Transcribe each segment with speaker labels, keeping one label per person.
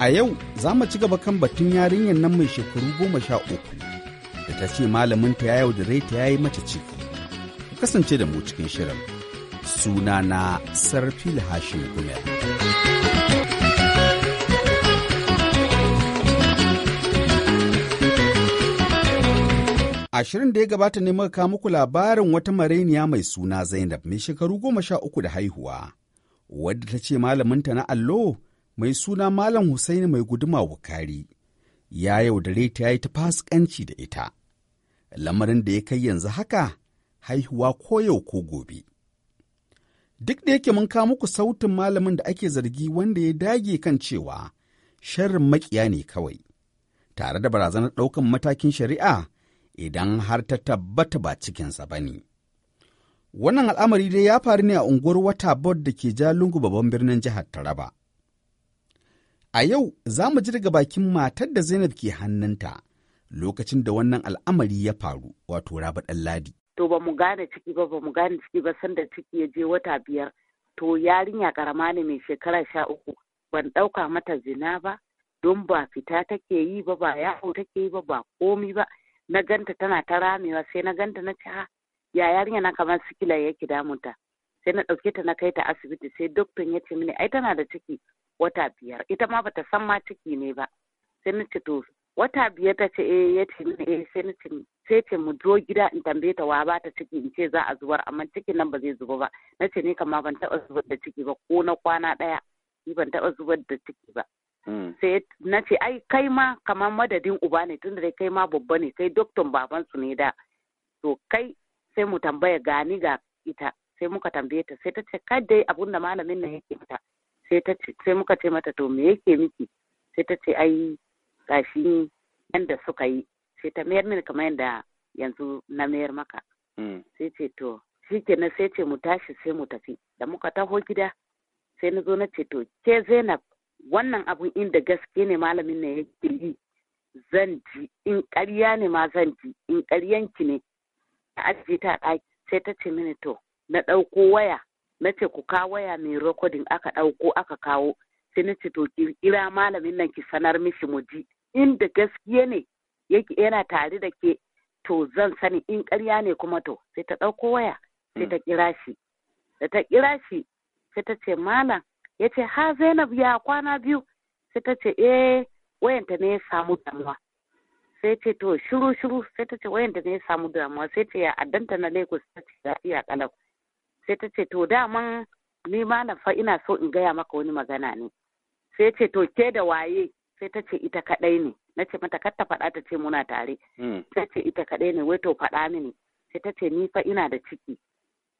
Speaker 1: A yau za mu ci gaba kan batun yarinyar nan mai shekaru goma sha uku da ta ce malaminta ya yau da ya yi mace ciki. Ku kasance da mu cikin shirin. Suna na Sarfil Hashim Gumel. Ashirin da ya gabata ne muka muku labarin wata mareniya mai suna Zainab mai shekaru goma sha uku da haihuwa, wadda ta ce malaminta na allo mai suna Malam Hussaini mai guduma wukari ya yaudare ta yi ta fasikanci da ita, lamarin da ya kai yanzu haka haihuwa ko yau ko gobe. Duk da yake mun kawo muku sautin malamin da ake zargi wanda ya dage kan cewa sharrin makiya ne kawai, tare da barazanar ɗaukan matakin shari'a idan har ta tabbata ba cikinsa ba ne. Wannan al'amari dai ya faru ne a unguwar wata bod da ke Jalingu babban birnin jihar Taraba. A yau za mu ji daga bakin matar da Zainab ke hannunta lokacin da wannan al'amari ya faru wato Rabi ladi.
Speaker 2: To ba mu gane ciki ba ba mu gane ciki ba sanda ciki ya je wata biyar to yarinya karama ne mai shekara sha uku ban ɗauka mata zina ba don ba fita take yi ba ba yawo take yi ba ba komi ba na ganta tana ta ramewa sai na ganta na ci ah, ya yarinya na kamar sikila yake damunta sai na ɗauke ta na kai ta asibiti sai doktor ya ce mini ai tana da ciki wata biyar ita ma bata san ma ciki ne ba sai na ce to wata biyar ta ce eh ya ce mini eh sai na ce sai ce mu zo gida in tambaye ta wa ba ta ciki in ce za a zubar amma cikin nan ba zai zuba ba na ce ni kama ban taba zubar da ciki ba ko na kwana daya ni ban taba zubar da ciki ba hmm. sai na ce ai kai ma kamar madadin uba ne tunda dai kai ma babba ne kai doktor baban su ne da to kai sai mu tambaya gani ga ita sai muka tambaye ta sai ta ce kai dai abun da malamin na yake ta sai ta sai muka ce mata to me yake miki sai ta ce ai gashi yanda suka yi sai ta mayar mini kamar yanda yanzu na mayar maka hmm. sai ce to shikenan sai ce mu tashi sai mu tafi da muka taho gida sai na zo na ce to ke Zainab wannan abun inda gaske ne malamin ne yake yi zan ji in ƙarya ne ma zan ji in ƙaryanki ne a ajiye ta ɗaki sai ta ce mini to na ɗauko waya na ce ku kawo waya mai rikodin aka ɗauko aka kawo sai na ce to kira malamin nan ki sanar mishi mu ji inda gaskiya ne yana tare da ke to zan sani in ƙarya ne kuma to sai ta ɗauko waya sai ta hmm. kira shi da ta kira shi sai ta ce malam ya ce ha zainab ya kwana biyu sai ta ce eh wayanta ne ya samu damuwa sai ce to shiru shiru sai ta ce wayanta ne ya samu damuwa sai ce ya addanta na lagos ta ce ya kalau sai ta ce to daman ni ma na fa ina so in gaya maka wani magana ne sai ce to ke da waye sai ta ce ita kadai ne na ce mata kar ta faɗa ta ce muna tare sai hmm. ce ita kadai ne wai to faɗa mini sai ta ce ni fa ina da ciki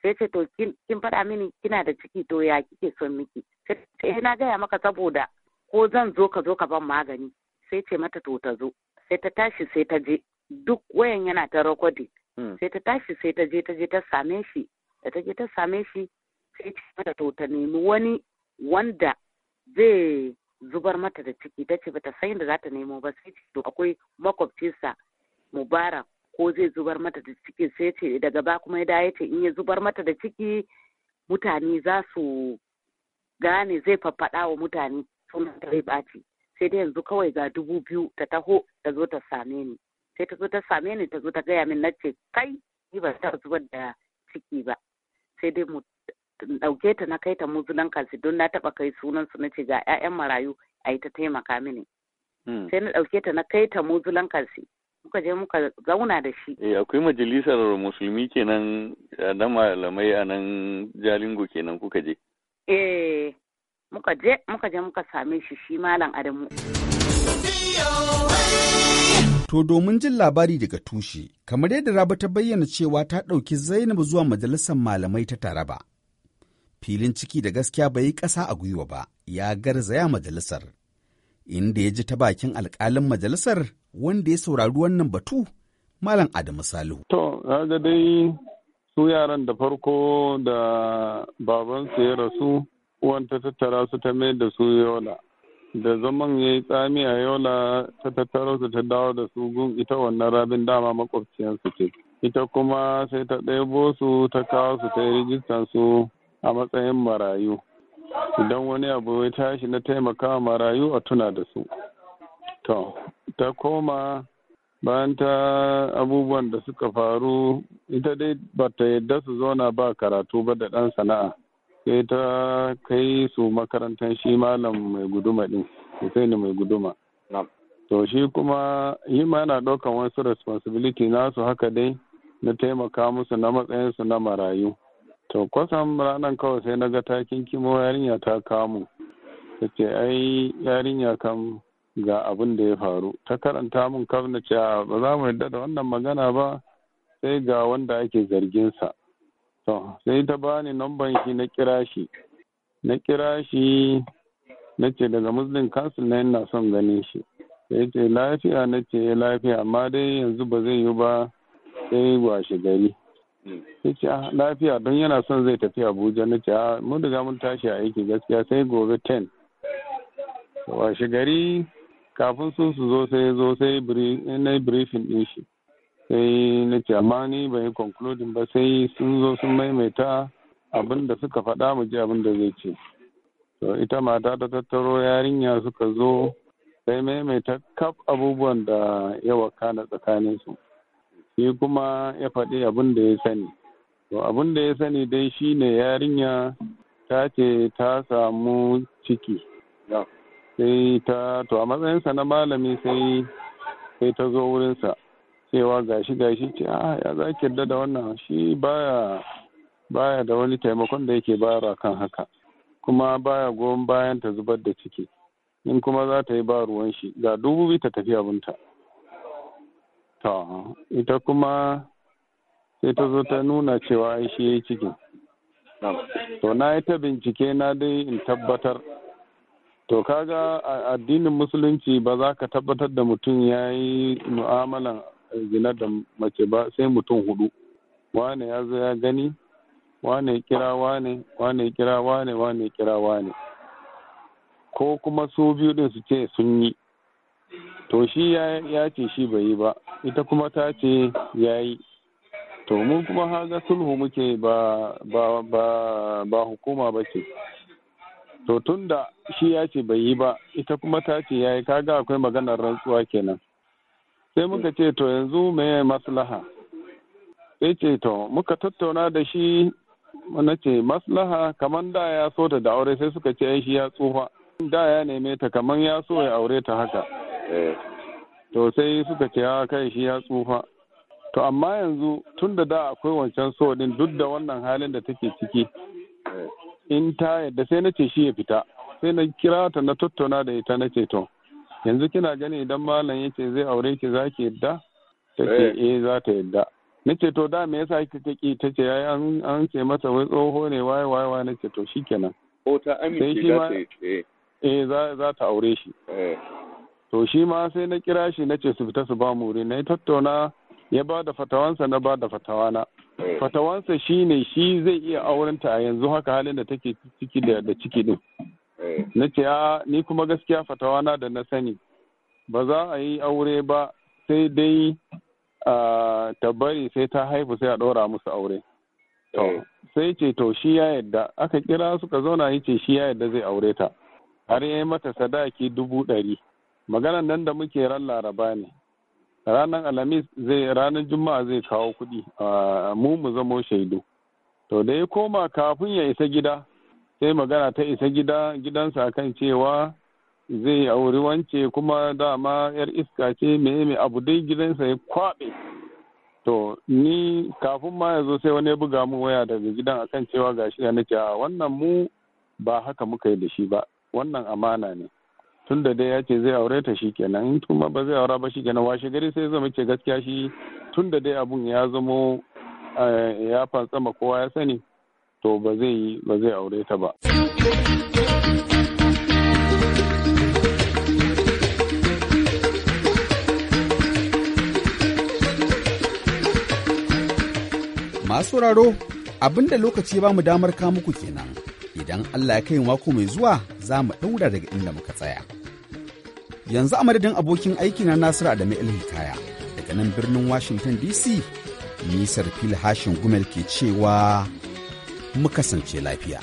Speaker 2: sai ce to kin faɗa mini kina da ciki to ya kike son miki sai ta ce eh, na gaya maka saboda ko zan zo ka zo ka ban magani sai ce mata to ta zo sai ta tashi sai ta je duk wayan yana ta rakwadi hmm. sai ta tashi sai ta je ta je ta same shi da take ta same shi sai ce mata to ta nemi wani wanda zai zubar mata da ciki ta ce bata san da za ta nemo ba sai ce to akwai makwabcinsa mubarak ko zai zubar mata da ciki sai ce daga ba kuma ya ya ce in ya zubar mata da ciki mutane za su gane zai faffaɗa wa mutane sunan ta zai ɓaci sai dai yanzu kawai ga dubu biyu ta taho ta zo ta same ni sai ta zo ta same ni ta zo ta gaya min na ce kai ni ba ta zubar da ciki ba sai dai mu ɗauke ta na kai ta muzulan kansu don na taɓa kai sunan su na ce ga 'ya'yan marayu a yi ta taimaka mini hmm. sai na ɗauke ta na kai ta muzulan kansu muka je muka zauna da shi.
Speaker 3: Eh akwai majalisar musulmi kenan na malamai a nan Jalingo kenan kuka je.
Speaker 2: Eh muka je muka je muka same shi shi malam Adamu.
Speaker 1: To domin jin labari daga tushe, kamar yadda Raba ta bayyana cewa ta ɗauki Zainab zuwa majalisar malamai ta Taraba. Filin ciki da gaskiya bai yi ƙasa a gwiwa ba, ya garzaya majalisar. Inda ya ji ta bakin alƙalin majalisar wanda ya saurari wannan batu, Malam Adamu Salihu. To,
Speaker 3: ga dai su yaran da farko da babansu ya rasu, wanta ta tattara su ta mai da su yola. da zaman ya yi tsami a yola ta tattaro su ta dawo da su gun ita wannan rabin dama makwabciyarsu ce ita kuma sai ta ɗebo su ta kawo su ta yi rijistan su a matsayin marayu idan wani abu ya tashi na taimakawa marayu a tuna da su to ta koma bayan ta abubuwan da suka faru ita dai ba ta yadda su zauna ba karatu ba da ɗan sana'a sai ta kai su makarantar shi malam mai guduma din ne mai guduma to shi kuma yi ma yana ɗaukan wasu responsibility nasu haka dai na taimaka musu na matsayinsu na marayu to kwasan ranar kawai sai na ga takin kimo yarinya ta kamu ta ce ai yarinya kam ga abin da ya faru ta karanta mun kam na ba za mu yadda da wannan magana ba sai ga wanda ake zarginsa to sai ta bani namban shi na kira shi na kira shi na ce daga muslim council na yana son ganin shi sai ce lafiya na ce eh, lafiya amma dai yanzu ba zai yi ba sai washe gari sai ce ah, lafiya don yana son zai tafi abuja na ce ah, mun riga mun tashi a aiki gaskiya sai gobe 10 washe gari kafin sun su zo sai zo sai na briefing din shi sai na ce amma ni ban yi concluding ba sai sun zo sun maimaita abin da suka faɗa mu ji abin da zai ce to ita mata ta tattaro yarinya suka zo sai maimaita kaf abubuwan da ya wakana tsakanin su shi kuma ya faɗi abin da ya sani to abin da ya sani dai shine yarinya ta ce ta samu ciki sai ta to a matsayinsa na malami sai sai ta zo wurinsa cewa gashi gashi ce a ah, ya za ki yarda da wannan shi baya baya da wani taimakon da yake bayarwa kan haka kuma baya goyon bayan ta zubar da ciki in kuma za ta yi ba ruwan shi ga dubu ta tafi abinta ta. ita kuma sai ta zo ta nuna cewa ai shi ya yi to na yi ta bincike na dai in tabbatar to kaga addinin musulunci ba za ka tabbatar da mutum ya yi mu'amalan zinar da mace ba sai mutum hudu wane ya zo ya gani wane kira wane wane kira wane wane kira wane ko kuma su biyu din su ce sun yi to shi ya ce shi bai yi ba ita kuma ta ce ya yi to mun kuma haga sulhu muke ba ba ba ba hukuma ba ce to tunda shi ya ce bai yi ba ita kuma ta ce ya yi kaga akwai maganar rantsuwa kenan sai muka ce to yanzu me maslaha sai ce to muka tattauna da shi na ce maslaha kaman da ya so ta da aure sai suka ce shi ya tsufa da ya neme ta kamar ya so ya aure ta haka eh. to sai suka ce ya kai shi ya tsufa to amma yanzu tun da da akwai wancan so din duk da wannan halin da take ciki eh. in ta yadda sai na ce shi ya fita sai na kira ta na tattauna da ita na ce to yanzu kina gani idan malam yace zai aure ki za ki yadda ta eh. eh za ta yadda nace to da me yasa kika ki ta ce yayi an an ce mata wai tsoho ne waye waye waye nace to shikenan ko ta amince za ta eh. eh za za ta aure shi eh. to shi ma sai na kira shi nace su fita su ba mu wuri na tattauna ya ba da fatawansa na ba da fatawana fatawansa shine shi zai iya aurenta a yanzu haka halin da take ciki da ciki din Eh. na ce ah, ni kuma gaskiya fatawa na da na sani ba za a yi aure ba sai dai ta bari sai ta haifu sai a ɗora musu aure eh. sai ce to shi ya yadda aka kira suka zauna yi ce shi ya yadda zai aure ta har yi mata sadaki dubu ɗari maganan nan da muke ran laraba ne ranar alhamis zai ranar juma'a zai kawo kuɗi mu mu zamo shaidu to da ya koma kafin ya isa gida sai magana ta isa gida gidansa kan cewa zai auri wance kuma dama yar iska ce mai mai abu dai gidansa ya kwaɓe to ni kafin ma ya zo sai wani ya buga mu waya daga gidan akan cewa gashi ya nake wannan mu ba haka muka yi da shi ba wannan amana ne tun da dai ya ce zai aure ta shikenan in kuma ba zai aura ba shikenan washe gari sai zama ce gaskiya shi tun da dai abun ya zamo eh, ya fantsama kowa ya sani to ba zai yi ba zai aure ta ba
Speaker 1: masu sauraro abinda lokaci ba mu damar ka muku kenan idan Allah ya kai mako mai zuwa za mu ɗaura daga inda muka tsaya. Yanzu a madadin abokin aiki na Nasiru Adamu Hikaya daga nan birnin Washington DC, nisar fil hashin gumel ke cewa mu kasance lafiya.